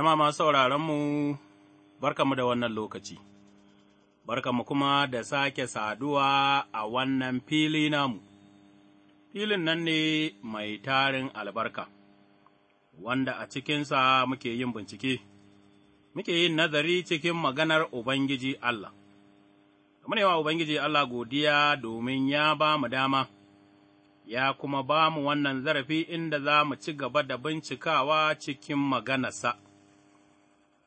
Jama'a masu barka mu da wannan lokaci, barka mu kuma da sake saduwa a wannan fili namu, filin nan ne mai tarin albarka, wanda a cikinsa muke yin bincike, muke yin nazari cikin maganar Ubangiji Allah. Kamar yawa Ubangiji Allah godiya domin ya ba mu dama, ya kuma ba mu wannan zarafi inda za mu ci gaba da bincikawa cikin maganarsa.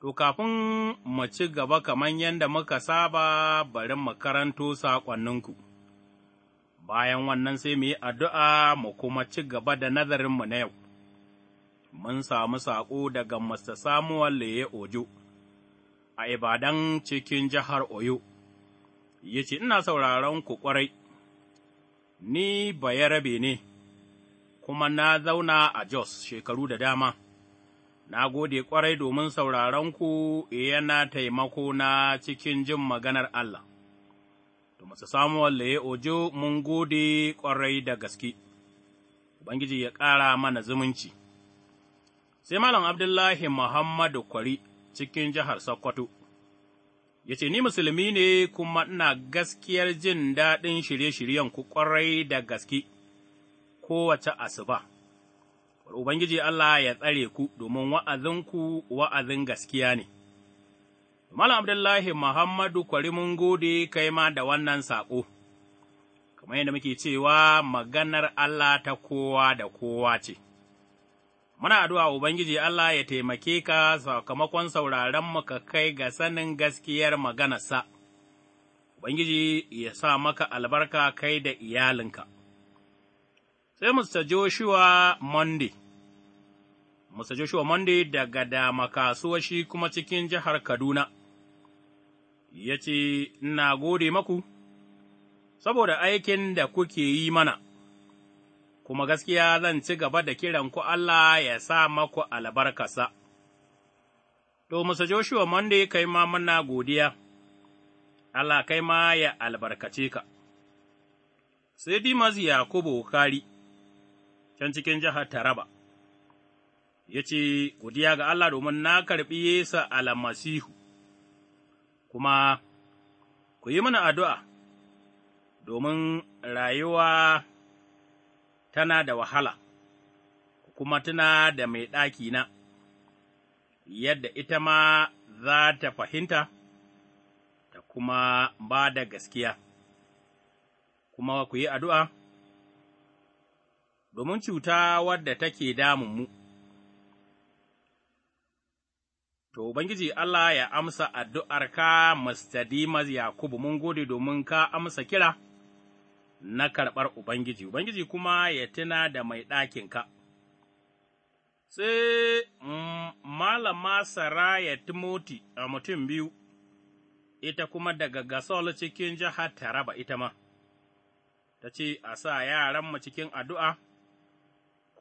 To, kafin mu ci gaba kamar yadda muka saba bari mu karanto saƙonninku, bayan wannan sai mu yi addu'a mu kuma ci gaba da nazarinmu na yau. Mun samu saƙo daga Mr. Samuwar Leye Ojo a Ibadan cikin jihar Oyo, ya ce, Ina sauraron ku ƙwarai, ni bayarabe ne, kuma na zauna a Jos shekaru da dama. na gode ƙwarai domin sauraronku yana taimako na cikin jin maganar Allah. To, masu samuwar ya ojo mun gode ƙwarai da gaske, Ubangiji ya ƙara mana zumunci. Sai Malam Abdullahi Muhammadu Kwari cikin jihar Sokoto, ya ce, Ni musulmi ne kuma ina gaskiyar jin daɗin shirye-shiryen ku ƙwarai da gaske kowace asuba. Ubangiji Allah ya tsare ku domin wa'azinku wa'azin gaskiya ne. Malam Abdullahi Muhammadu kwari mun gode kai ma da wannan saƙo, kamar yadda muke cewa maganar Allah ta kowa da kowa ce. Muna addu'a Ubangiji Allah ya taimake ka sakamakon sauraron ka kai ga sanin gaskiyar maganarsa, Ubangiji ya sa maka albarka kai da iyalinka. sai Mr. Joshua Monday. Musa Joshua Monday daga da shi kuma cikin jihar Kaduna, ya ce, Ina gode maku, saboda aikin da kuke yi mana, kuma gaskiya zan ci gaba da kiran ku Allah ya sa maku albarkasa. To, Musa Joshua Monday kai ma muna godiya, Allah kai ma ya albarkace ka. Sai Dimas Yakubu Kari, can cikin jihar Taraba. ya ce, Godiya ga Allah domin na karɓi Yesu almasihu, kuma ku yi mana addu'a, domin rayuwa tana da wahala, kuma tuna da mai ɗaki na, yadda ita ma za ta fahimta, ta kuma ba da gaskiya, kuma ku yi addu'a, domin cuta wadda take damun mu. To, Ubangiji Allah ya amsa addu'arka, Mastadimas Yakubu, mun gode domin ka amsa kira na karɓar Ubangiji, Ubangiji kuma ya tuna da mai ɗakinka. Sai mm, Malama ya Timoti a mutum biyu, ita kuma daga Gasol cikin jihar Taraba ita ma, ta ce, A sa yaran mu cikin addu'a.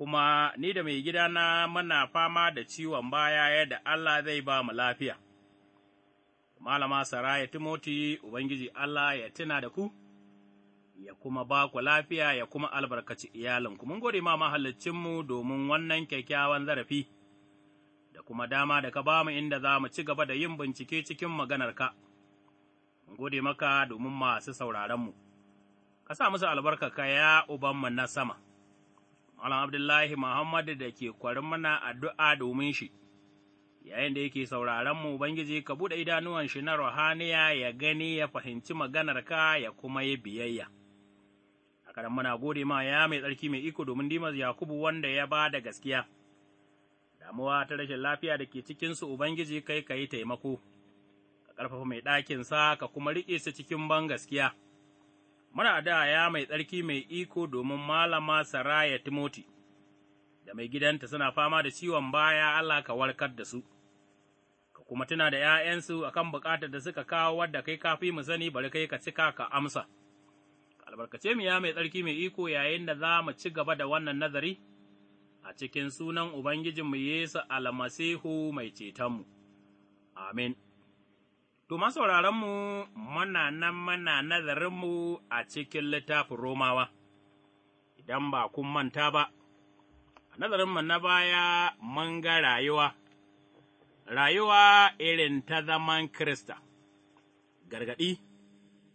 kuma ni da mai gidana mana fama da ciwon baya yadda Allah zai ba mu lafiya. Malama Saraya Timoti, Ubangiji Allah ya tuna da ku, ya kuma ba ku lafiya ya kuma albarkaci iyalinku. Mun gode ma mahallicinmu domin wannan kyakkyawan zarafi, da kuma dama da ka ba mu inda za mu ci gaba da yin bincike cikin maganarka. Mun gode maka domin masu sauraronmu. Ka sa musu albarkaka ya Ubanmu na sama. Malam Abdullahi Muhammadu da ke kwarin mana addu'a domin shi, yayin da yake sauraron mu Ubangiji ka buɗe idanuwan shi na ruhaniya ya gani ya fahimci maganar ka ya kuma yi biyayya. Haka muna gode ma ya mai tsarki mai iko domin Dimas Yakubu wanda ya ba da gaskiya. Damuwa ta rashin lafiya da ke cikinsu Ubangiji kai ka yi taimako, ka ƙarfafa mai ɗakinsa ka kuma riƙe su cikin ban gaskiya. muna da ya mai tsarki mai iko domin malama Saraya Timoti, da mai gidanta suna fama da ciwon baya Allah ka warkar da su, ka kuma tuna da ’ya'yansu a kan bukatar da suka kawo wadda kai kafi mu sani bari kai ka cika ka amsa. Albarkace mu ya mai tsarki mai iko yayin da za mu ci gaba da wannan nazari a cikin sunan Ubangijinmu Yesu almasihu mai cetonmu. Amin. To, masauraranmu mana nan mana nazarinmu a cikin littafin Romawa, idan ba kun manta ba, a nazarinmu na baya mun ga rayuwa, rayuwa irin ta zaman Kirista, gargaɗi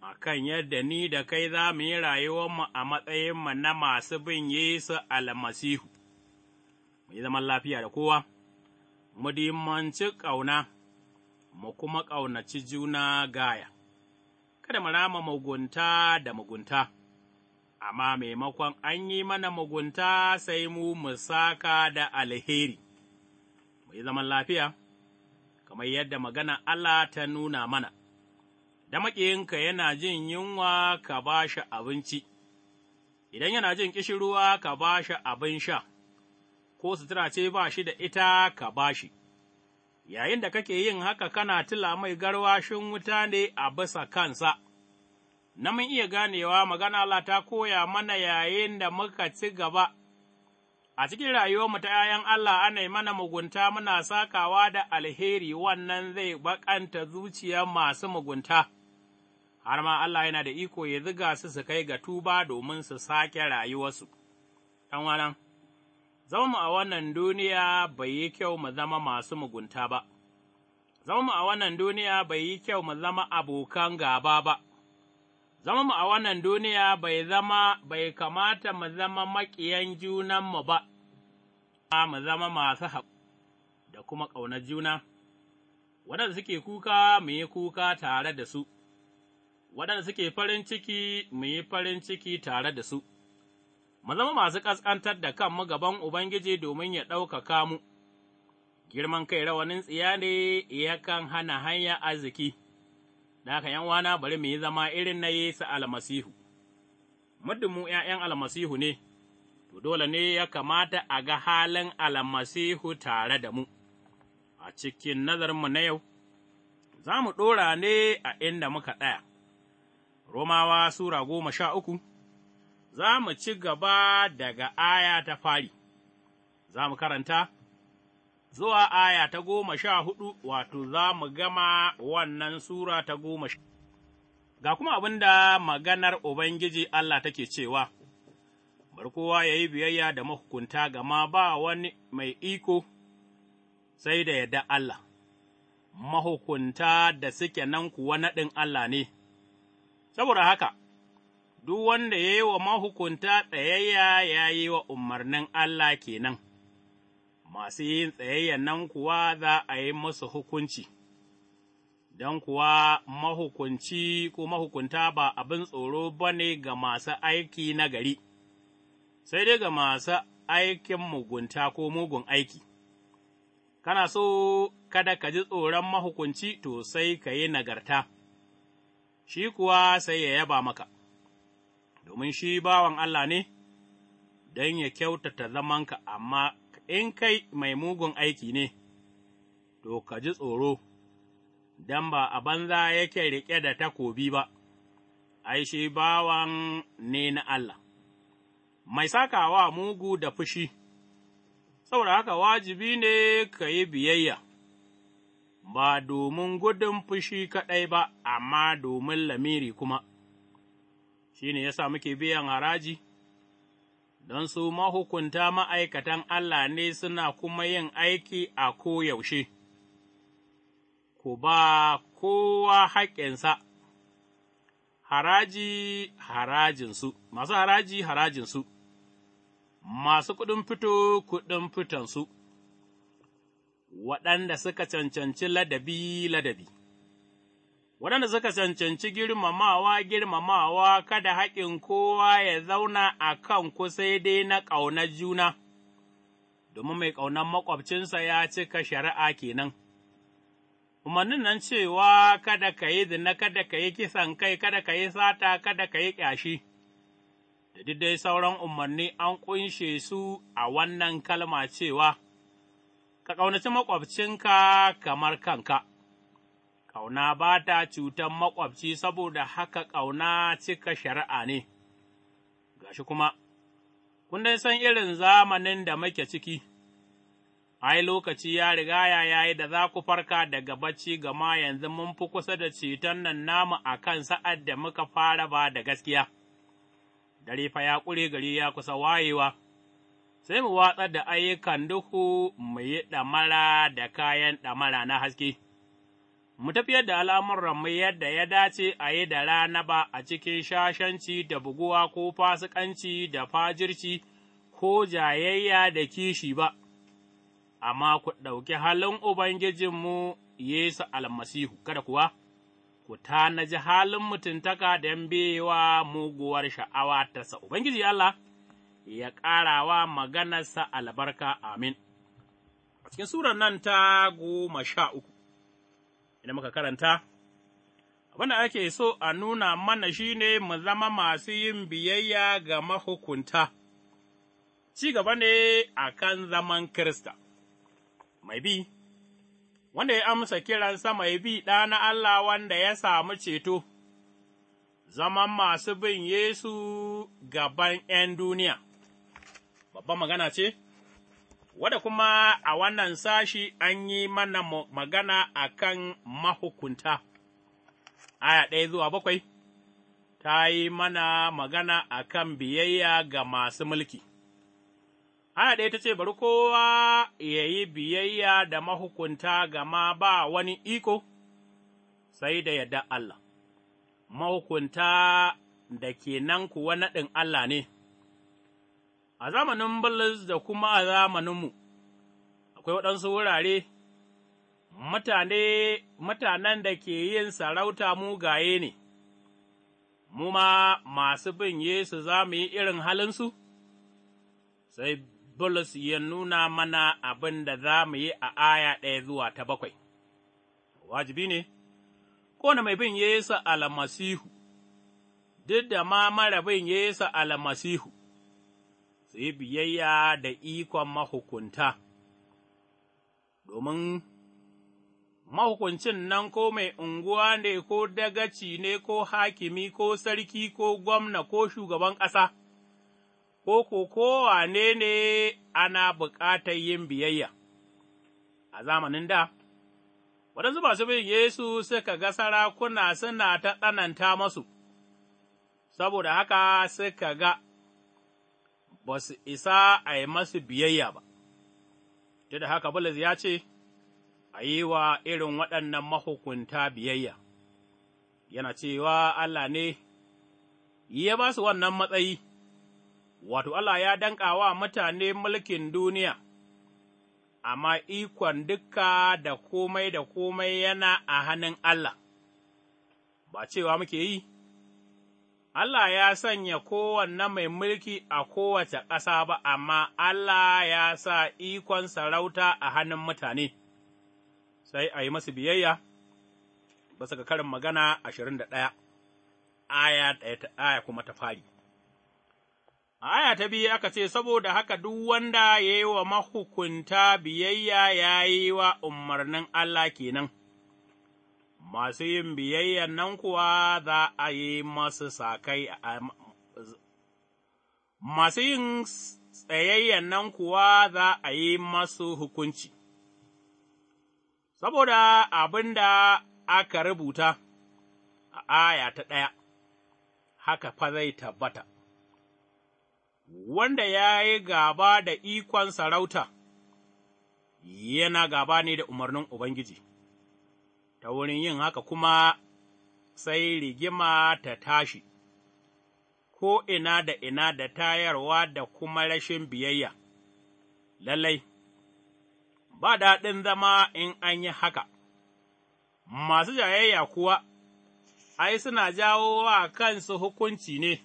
a kan yadda ni da kai za mu yi mu a matsayinmu na masu bin Yesu almasihu, mu yi zaman lafiya da kowa, mu dimanci ƙauna. mu kuma ƙaunaci juna gaya, kada mu rama mugunta da mugunta, amma maimakon an yi mana mugunta sai mu musaka da alheri, mu yi zaman lafiya, kamar yadda magana Allah ta nuna mana, da maƙiyinka yana jin yunwa ka ba shi abinci, idan yana jin ƙishirwa ka ba shi abin sha, ko sutura ce ba shi da ita ka ba shi. yayin da kake yin haka kana tila mai garwashin wuta ne a bisa kansa. Na mun iya ganewa magana Allah ta koya mana yayin da muka ci gaba, a cikin rayuwarmu ta ’ya'yan Allah ana yi mana mugunta muna sakawa da alheri wannan zai bakanta zuciya masu mugunta, har ma Allah yana da iko ya ziga su su kai ga tuba domin su sake rayuwarsu. zama mu a wannan duniya bai yi kyau mu zama masu mugunta ba, zama mu a wannan duniya bai yi kyau mu zama abokan gaba ba, zama mu a wannan duniya bai zama bai kamata mu zama maƙiyan junanmu ba, mu zama masu haƙu da kuma ƙaunar juna, waɗanda suke kuka mu yi kuka tare da su, waɗanda suke farin ciki mu yi farin ciki tare da su. mu zama masu ƙasƙantar da kanmu gaban Ubangiji domin ya ɗaukaka mu, girman kai rawanin tsiya ne yakan hana hanya arziki, da haka ’yan'wana bari mu yi zama irin na Yesu almasihu, muddin mu ’ya'yan almasihu ne, to dole ne ya kamata a ga halin almasihu tare da mu, a cikin nazarinmu na yau, za mu ɗora ne a inda muka ɗaya. Romawa Sura goma sha uku za mu ci gaba daga aya ta fari, za mu karanta zuwa aya ta goma sha hudu wato za mu gama wannan Sura ta goma sha. Ga kuma abin da maganar Ubangiji Allah take cewa, Bar kowa ya yi biyayya da mahukunta gama ba wani mai iko sai da yadda Allah, mahukunta da suke nan kuwa naɗin Allah ne, saboda haka. duk wanda ya yi wa mahukunta tsayayya ya yi wa umarnin Allah kenan, masu yin tsayayya nan kuwa za a yi musu hukunci, don kuwa mahukunci ko mahukunta ba abin tsoro ba ne ga masu aiki na gari, sai dai ga masu aikin mugunta ko mugun aiki. Kana so kada ka ji tsoron mahukunci to sai ka yi nagarta, shi kuwa sai ya yaba maka. domin shi bawan Allah ne, don ya kyautata zamanka, amma in kai mai mugun aiki ne, to ka ji tsoro, don ba a banza yake riƙe da takobi ba, ai, shi bawan ne na Allah, mai sakawa mugu da fushi, saboda haka wajibi ne ka yi biyayya. Ba domin gudun fushi kaɗai ba, amma domin lamiri kuma. shi ne ya sa muke biyan haraji, don su mahukunta ma'aikatan Allah ne suna kuma yin aiki a koyaushe, ku ba kowa haƙƙinsa, haraji harajinsu, masu haraji harajinsu, masu kuɗin fito kuɗin fitansu, waɗanda suka cancanci ladabi ladabi. waɗanda suka cancanci girmamawa, girmamawa, kada haƙin kowa ya zauna a kan ku sai dai na ƙauna juna, domin mai ƙaunar maƙwabcinsa ya cika shari'a kenan. Umarnin nan cewa kada ka yi zina, kada ka yi kisan kai, kada ka yi sata, kada ka yi ƙyashi, da dai sauran umarni an ƙunshe su a wannan kalma cewa, Ka ƙaunaci maƙwabcinka kamar kanka. ƙauna ba ta cutan maƙwabci saboda haka ƙauna cika shari'a ne, Ga shi kuma, kun dai san irin zamanin da muke ciki, ai, lokaci ya riga ya yayi da za ku farka daga bacci gama yanzu mun fi kusa da ceton nan namu a kan sa'ad da muka fara ba da gaskiya, dare fa ya ƙure gari ya kusa wayewa. sai mu watsar da ayyukan duhu mu yi ɗamara da kayan ɗamara na haske. mu tafiyar da al'amuranmu yadda ya dace a yi da rana ba a cikin shashanci da buguwa ko fasikanci da fajirci ko jayayya da kishi ba, amma ku ɗauki halin Ubangijinmu Yesu almasihu, kada kuwa, ku tanaji halin mutuntaka don bewa muguwar sha'awa sa Ubangiji Allah ya ƙarawa maganarsa albarka, amin. A cikin nan ta goma sha uku. idan muka karanta. Abin da ake so a nuna mana shi ne mu zama masu yin biyayya ga mahukunta, ci gaba ne a kan zaman Kirista. Mai bi, wanda ya amsa kiransa mai bi ɗa na Allah wanda ya samu ceto, zaman masu bin Yesu gaban ’yan duniya, babban magana ce? wada kuma a wannan sashi an yi mana magana a kan mahukunta. Aya ɗaya zuwa bakwai, ta yi mana magana a kan biyayya ga masu mulki. Aya ɗaya ta ce, Bari kowa ya yi biyayya da mahukunta gama ba wani iko, sai da yadda Allah, mahukunta da ke nan kuwa naɗin Allah ne. a zamanin Bulus da kuma a zamaninmu, akwai waɗansu wurare, mutane, mutanen da ke yin sarauta mugaye ne, mu ma masu bin Yesu za mu yi irin halinsu, sai Bulus ya nuna mana abin da za mu yi a aya ɗaya zuwa ta bakwai, wajibi ne, kone mai bin Yesu almasihu, duk da ma mara bin Yesu almasihu. su yi biyayya da ikon mahukunta, domin mahukuncin nan ko mai unguwa ne ko dagaci ne ko hakimi ko sarki ko gwamna ko shugaban ƙasa, ko ko kowane ne ana buƙatar yin biyayya. A zamanin da, waɗansu masu bin Yesu suka ga sarakuna suna ta tsananta masu, saboda haka suka ga ba su isa a yi masu biyayya ba, ta da haka Bulus ya ce, A yi wa irin waɗannan mahukunta biyayya, yana cewa Allah ne ya ba su wannan matsayi, wato Allah ya danƙa wa mutane mulkin duniya, amma ikon duka da komai da komai yana a hannun Allah, ba cewa muke yi. Allah ya sanya kowanne mai mulki a kowace ƙasa ba, amma Allah ya sa ikon sarauta a hannun mutane, sai a yi masu biyayya, ba su karin magana ashirin da ɗaya, aya ta aya kuma ta fari. Aya ta biyu aka ce, Saboda haka duk wanda ya yi wa mahukunta biyayya ya yi wa umarnin Allah kenan. masu yin biyayyan nan kuwa za a yi masu sakai masu yin tsayayyan nan kuwa za a yi masu hukunci, saboda abin da aka rubuta a aya ta ɗaya, haka fa zai tabbata, wanda ya yi gaba da ikon sarauta, yana gaba ne da umarnin Ubangiji. ta wurin yin haka kuma sai rigima ta tashi, ko ina da ina da tayarwa da kuma rashin biyayya, lallai, ba daɗin zama in an yi haka, masu jayayya kuwa, ai, suna jawo wa kansu hukunci ne.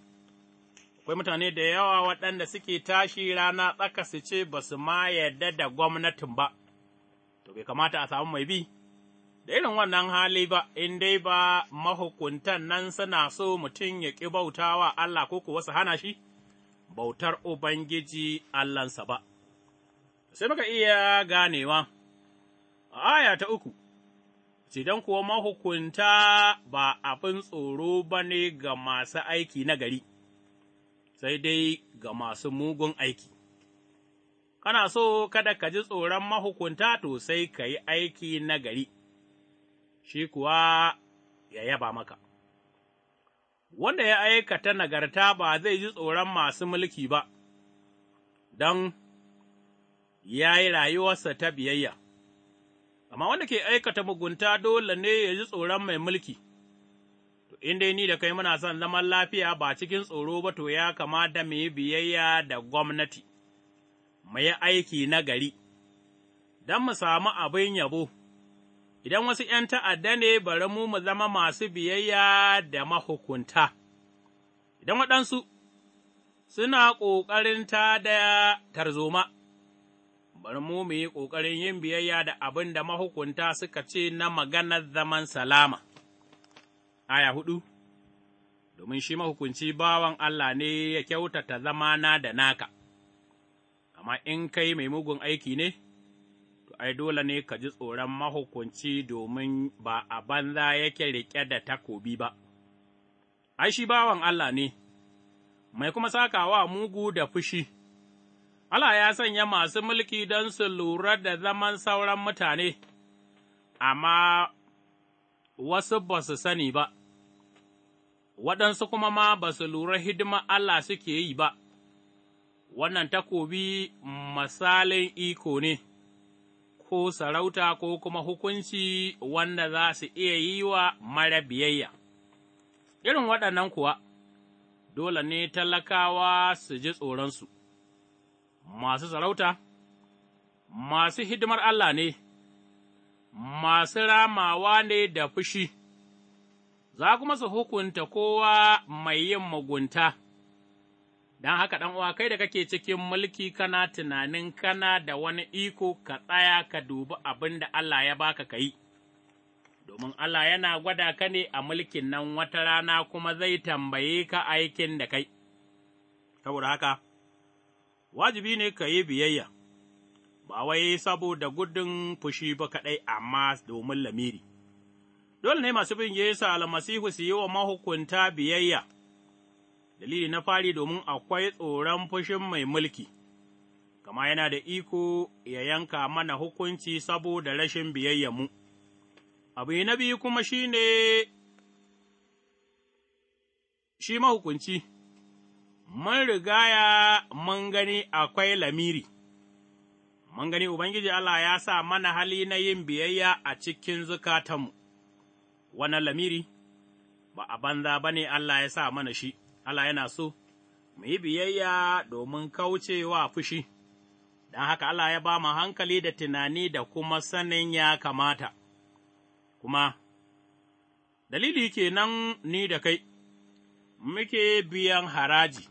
akwai mutane da yawa waɗanda suke tashi rana tsaka su ce ba su ma yarda da gwamnatin ba, to bai kamata a samu mai bi da irin wannan hali ba, in dai ba mahukuntan nan suna so mutum ya ƙi bauta wa Allah ko kuwa su hana shi, bautar Ubangiji Allahnsa ba. Sai muka iya ganewa, aya ta uku, Cidan kuwa mahukunta ba abin tsoro ba ne ga masu aiki na gari, sai dai ga masu mugun aiki. Kana so kada ka ji tsoron mahukunta to sai ka yi aiki na gari. shi kuwa ya yaba maka. Wanda ya aikata nagarta ba zai ji tsoron masu mulki ba, don ya yi rayuwarsa ta biyayya, amma wanda ke aikata mugunta dole ne ya ji tsoron mai mulki. in dai ni da kai muna son zaman lafiya ba cikin tsoro ba to ya kama da yi biyayya da gwamnati, mu yi aiki na gari, don mu samu abin yabo, idan wasu ’yan ta'adda ne bari mu mu zama masu biyayya da mahukunta, idan waɗansu suna ƙoƙarin ta da tarzoma, bari mu mu yi ƙoƙarin yin biyayya da abin da mahukunta suka ce na maganar zaman salama. Aya hudu Domin shi mahukunci bawan Allah ne ya kyautata zamana da naka, amma in kai mai mugun aiki ne, ai dole ne ka ji tsoron mahukunci domin ba a banza yake riƙe da takobi ba, ai, shi bawan Allah ne, mai kuma sakawa mugu da fushi, Allah ya sanya masu mulki don su lura da zaman sauran mutane, amma wasu ba su sani ba, waɗansu kuma ma ba su lura hidima Allah suke yi ba, wannan takobi misalin iko ne. ko sarauta ko kuma hukunci wanda za su iya yi wa mara biyayya. Irin waɗannan kuwa, dole ne talakawa su ji tsoronsu, masu sarauta, masu hidimar Allah ne, masu ramawa ne da fushi, za kuma su hukunta kowa mai yin mugunta. don haka ɗan uwa kai da kake cikin mulki kana tunanin kana da wani iko ka tsaya ka dubi abin da Allah ya baka ka yi, domin Allah yana gwada ka ne a mulkin nan wata rana kuma zai tambaye ka aikin da kai, saboda haka, wajibi ne ka yi biyayya, ba wai saboda gudun fushi ba kaɗai amma domin lamiri. Dole ne masu bin Yesu almasihu su yi wa mahukunta biyayya. dalili na fari domin akwai tsoron fushin mai mulki, Kama yana da iko ya yanka mana hukunci saboda rashin biyayyamu. Abu na biyu kuma shi ne shi mahukunci, mun rigaya mun gani akwai lamiri. mun gani Ubangiji Allah ya sa mana hali na yin biyayya a cikin zukatanmu, wannan lamiri ba a banza ba ne Allah ya sa mana shi, Allah yana so, mu yi biyayya domin kaucewa fushi, don haka Allah ya ba mu hankali da tunani da kuma sanin ya kamata, kuma dalili ke nan ni da kai, muke biyan haraji,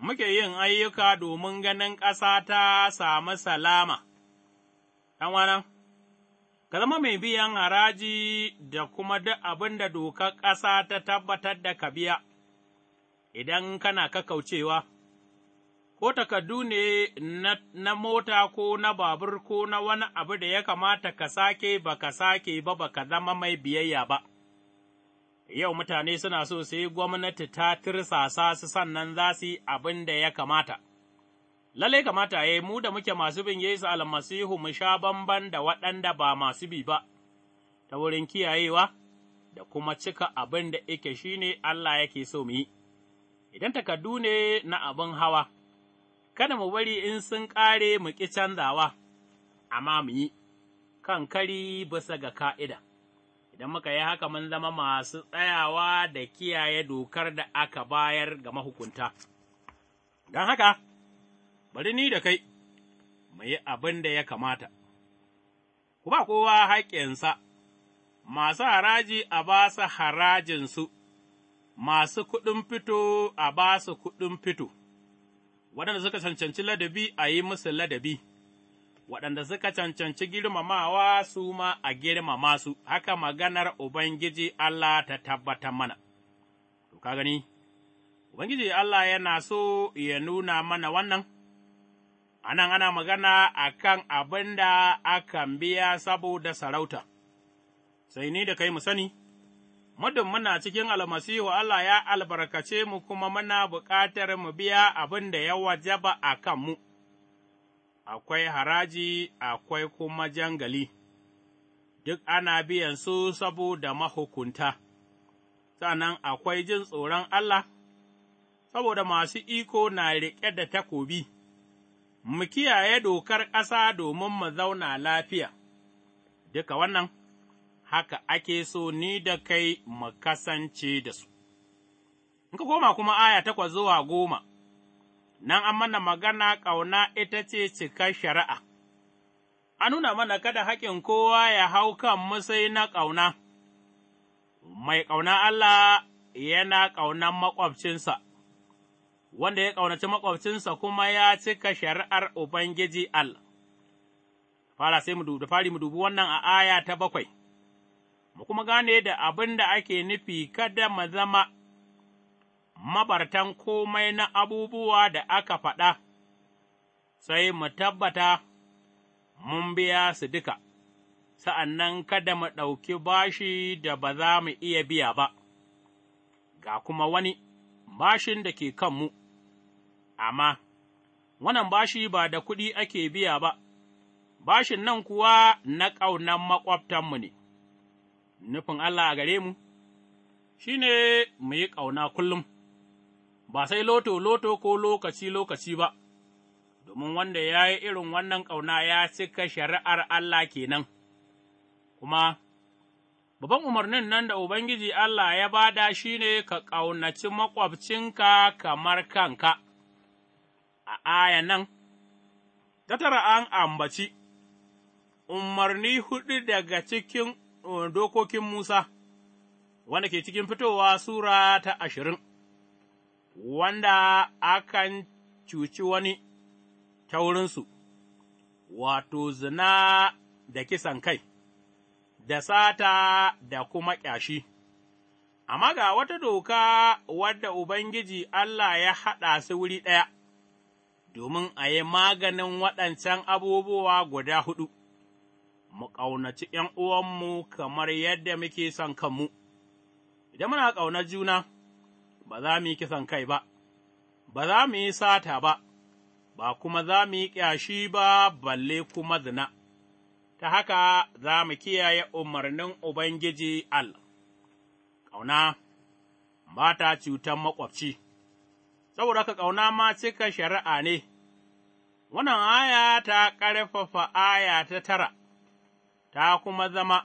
muke yin ayyuka domin ganin ƙasa ta samu salama, ɗan ka zama mai biyan haraji da kuma duk abin da dokar ƙasa ta tabbatar da ka biya. idan kana kakaucewa, ko takardu ne na, mota ko na babur ko na wani abu da ya kamata ka sake ba ka sake ba ba ka zama mai biyayya ba. Yau mutane suna so sai gwamnati ta tirsasa su sannan za su yi abin da ya kamata. Lallai kamata ya eh, mu da muke masu bin Yesu almasihu mu sha bamban da waɗanda ba masu bi ba, ta wurin kiyayewa da kuma cika abin da ike shi ne Allah yake so mu yi. idan takardu ne na abin hawa, kada mu bari in sun ƙare mu ƙi canzawa, amma mu yi kan kari bisa ga ka'ida, idan muka yi haka mun zama masu tsayawa da kiyaye dokar da aka bayar ga mahukunta. Don haka, bari ni da kai, mu yi abin da ya kamata, ku ba kowa haƙƙinsa, masu haraji a ba su harajinsu. masu kuɗin fito a ba su kuɗin fito, waɗanda suka cancanci ladabi a yi musu ladabi, waɗanda suka cancanci girmamawa su ma a girmama su, haka maganar Ubangiji Allah ta tabbatar mana. To, ka gani, Ubangiji Allah yana so ya nuna mana wannan, Anan ana magana a kan abin da akan biya saboda sarauta, sai ni da kai mu sani. muddin muna cikin almasihu Allah ya albarkace mu kuma muna buƙatar mu biya abin da ya wajaba a kanmu, akwai haraji, akwai kuma jangali, duk ana biyan su saboda mahukunta, sannan akwai jin tsoron Allah, saboda masu iko na riƙe da takobi, mu kiyaye dokar ƙasa domin mu zauna lafiya, duka wannan. haka ake so ni da kai mu kasance da su. In koma kuma aya takwas zuwa goma, nan an mana magana ƙauna ita ce cika shari'a, an nuna mana kada haƙin kowa ya hau kan sai na ƙauna, mai ƙauna Allah yana ƙaunan maƙwabcinsa, wanda ya ƙaunaci maƙwabcinsa kuma ya cika shari'ar Ubangiji Allah. Fara sai mu dubi, fari mu dubi wannan a aya ta bakwai. mu kuma gane da abin da ake nufi kada mu zama mabartan komai na abubuwa da aka faɗa, sai mu tabbata mun biya su duka, sa'an kada mu ɗauki bashi da ba za mu iya biya ba, ga kuma wani bashin da ke kanmu, amma wannan bashi ba da kuɗi ake biya ba, bashin nan kuwa na ƙaunan maƙwabtanmu ne. nufin Allah a gare mu, shi ne mu yi ƙauna kullum, ba sai loto-loto ko lokaci-lokaci ba, domin wanda ya yi irin wannan ƙauna ya cika shari'ar Allah kenan, kuma babban umarnin nan da Ubangiji Allah ya bada shi ne ka ƙaunaci maƙwabcinka kamar kanka, a aya nan, ta tara an ambaci, umarni huɗu daga cikin Eh, dokokin Musa, wanda ke cikin fitowa Sura ta ashirin, wanda akan cuci wani ta wurinsu, wato zina da kisan kai, da sata da kuma ƙyashi. Amma ga wata doka wadda Ubangiji Allah ya haɗa su wuri ɗaya, domin a yi maganin waɗancan abubuwa guda huɗu. mu ƙaunaci ’yan uwanmu kamar yadda muke son kanmu, idan muna ƙauna juna, ba za mu yi kisan kai ba, ba za mu yi sata ba, ba kuma za mu yi ƙyashi ba balle kuma zina, ta haka za mu kiyaye umarnin Ubangiji Allah. Ƙauna ba ta cutan maƙwabci, saboda ka ƙauna ma cika shari'a ne. Wannan aya ta ƙarfafa aya ta tara. ta kuma zama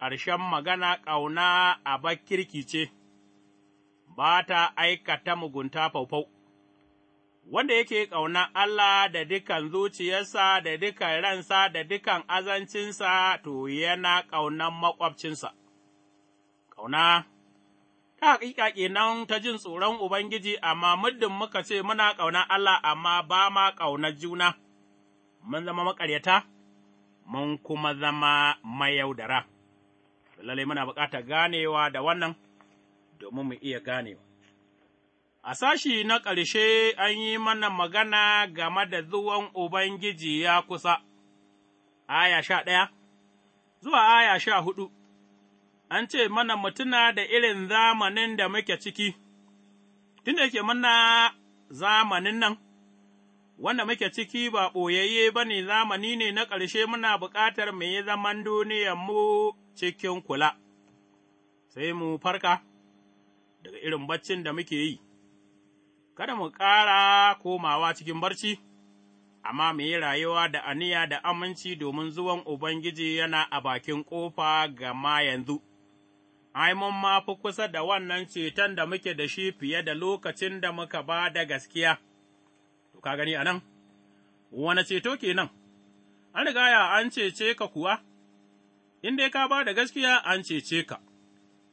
ƙarshen magana ƙauna a bakirki ce, ba ta aikata mugunta faufau. Wanda yake ƙauna Allah da dukan zuciyarsa, da dukan ransa, da dukan azancinsa, to yana ƙaunan maƙwabcinsa. Ƙauna ta haƙiƙa kenan ta jin tsoron Ubangiji, amma muddin muka ce muna ƙauna Allah, amma ba ma ƙaunar juna, mun zama maƙaryata? mun kuma zama mayaudara. Lallai muna bukatar ganewa da wannan domin mu iya ganewa. A sashi na ƙarshe an yi mana magana game da zuwan Ubangiji ya kusa, aya sha ɗaya, zuwa aya sha huɗu, an ce mana mutuna da irin zamanin da muke ciki, tun da yake mana zamanin nan. wanda muke ciki ba ɓoyayye ba ne zamani ne na ƙarshe muna buƙatar mu yi zaman mu cikin kula, sai mu farka daga irin baccin da muke yi, kada mu ƙara komawa cikin barci, amma mu yi rayuwa da aniya da aminci domin zuwan Ubangiji yana a bakin ƙofa gama yanzu. Ai, mun ma fi kusa da wannan ceton da muke da shi fiye da lokacin da muka ba da gaskiya. ka gani a nan, wane ceto ke nan? an gaya an cece ka kuwa, in dai ka ba da gaskiya an cece ka,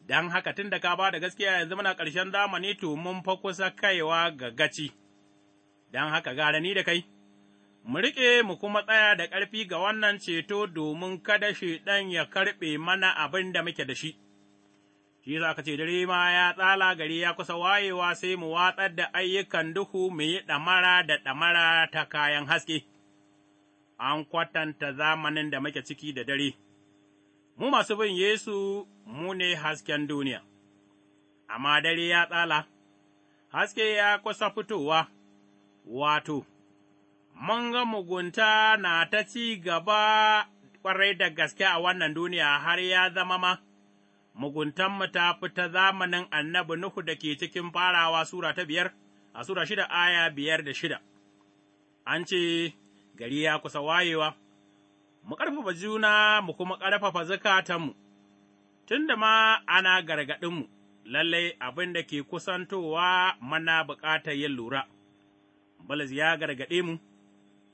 don haka tun da ka ba da gaskiya yanzu muna ƙarshen zamani to mun fa kusa kaiwa ga gaci, don haka gara ni da kai. mu riƙe mu kuma tsaya da ƙarfi ga wannan ceto domin kada shi ɗan ya karɓe mana abin da muke da shi. shi za ka ce dare ma ya tsala gari ya kusa wayewa sai mu watsar da ayyukan duhu mu yi ɗamara da ɗamara ta kayan haske, an kwatanta zamanin da muke ciki da dare, mu masu bin Yesu mu ne hasken duniya, amma dare ya tsala, haske ya kusa fitowa, wato, mun ga mugunta na ta ci gaba kwarai da gaske a wannan duniya har ya zama ma. muguntanmu ta fi ta zamanin annabi Nuhu da ke cikin farawa Sura ta biyar, a Sura shida aya biyar da shida, an ce, Gari ya kusa wayewa, mu ƙarfafa juna mu kuma ƙarfafa zukatanmu, tun da ma ana gargaɗinmu, lallai abin da ke kusantowa mana buƙatar yin lura. Balaz ya gargaɗe mu,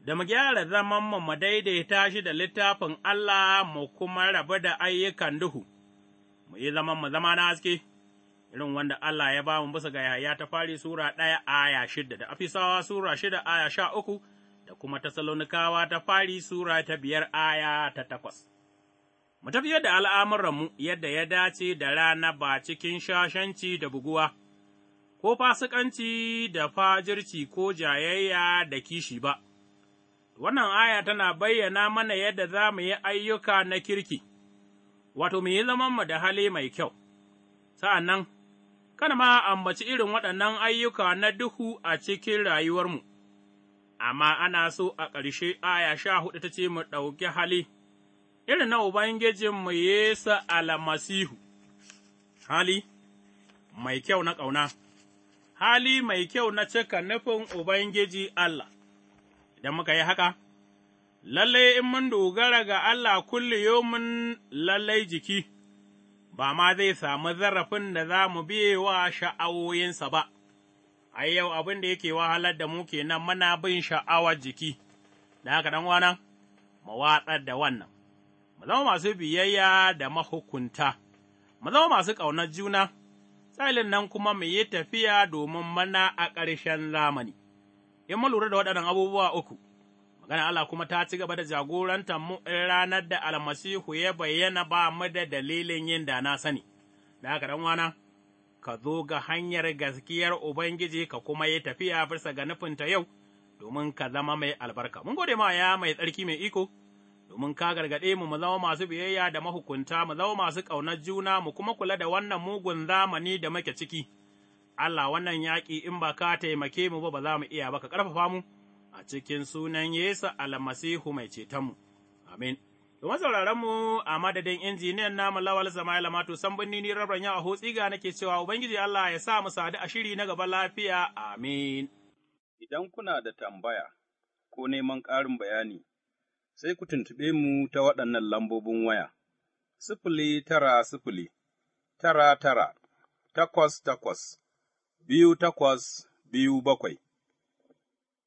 da mu gyara zaman mu daidaita shi da littafin Allah mu kuma rabu da ayyukan duhu. mu yi zaman mu zama na haske, irin wanda Allah ya ba mu bisa ga yaya ta fari Sura ɗaya aya shida da Afisawa Sura shida aya sha uku da kuma Tasalonikawa ta fari Sura ta biyar aya ta takwas. Mu tafiyar da mu yadda ya dace da rana ba cikin shashanci da buguwa, ko fasikanci da fajirci ko jayayya da kishi ba. Wannan aya tana bayyana mana yadda za mu yi ayyuka na kirki. wato mu yi mu da hali mai kyau, sa'an nan, kada ma ambaci irin waɗannan ayyuka na duhu a cikin rayuwarmu, amma ana so a ƙarshe aya sha hudu ta ce mu ɗauki hali, irin na Ubangijinmu Yesu almasihu, hali mai kyau na ƙauna, hali mai kyau na cika nufin Ubangiji Allah, idan muka yi haka. lalle in mun dogara ga Allah kulli yomin lallai jiki, ba ma zai samu zarafin da za mu biye wa sha'awoyinsa ba, a yau abin da yake wahalar da mu kenan mana bin sha'awar jiki, da haka ɗan wana, mu watsar da wannan, mu zama masu biyayya da mahukunta, mu zama masu ƙaunar juna, tsailin nan kuma mu yi tafiya domin mana a ƙarshen zamani. In mu lura da waɗannan abubuwa uku. Magana Allah kuma ta ci gaba da jagoranta mu in ranar da almasihu ya bayyana ba mu da dalilin yin da na sani, da haka ɗan wana, ka zo ga hanyar gaskiyar Ubangiji ka kuma yi tafiya bisa ga nufinta yau, domin ka zama mai albarka. Mun gode ma ya mai tsarki mai iko, domin ka gargaɗe mu mu zama masu biyayya da mahukunta, mu zama masu ƙaunar juna, mu kuma kula da wannan mugun zamani da muke ciki. Allah wannan yaƙi in ba ka taimake mu ba ba za mu iya ba ka ƙarfafa mu. a cikin sunan Yesu almasihu mai cetonmu. Amin. Domin sauraronmu a madadin injiniyan namu Lawal Sama'ila Mato Sambunni ni yau yawa hotsi ga nake cewa Ubangiji Allah ya sa mu sadu a shiri na gaba lafiya. Amin. Idan kuna da tambaya ko neman ƙarin bayani, sai ku tuntuɓe mu ta waɗannan lambobin waya, sifili tara sifili, tara tara, takwas takwas, biyu takwas biyu bakwai.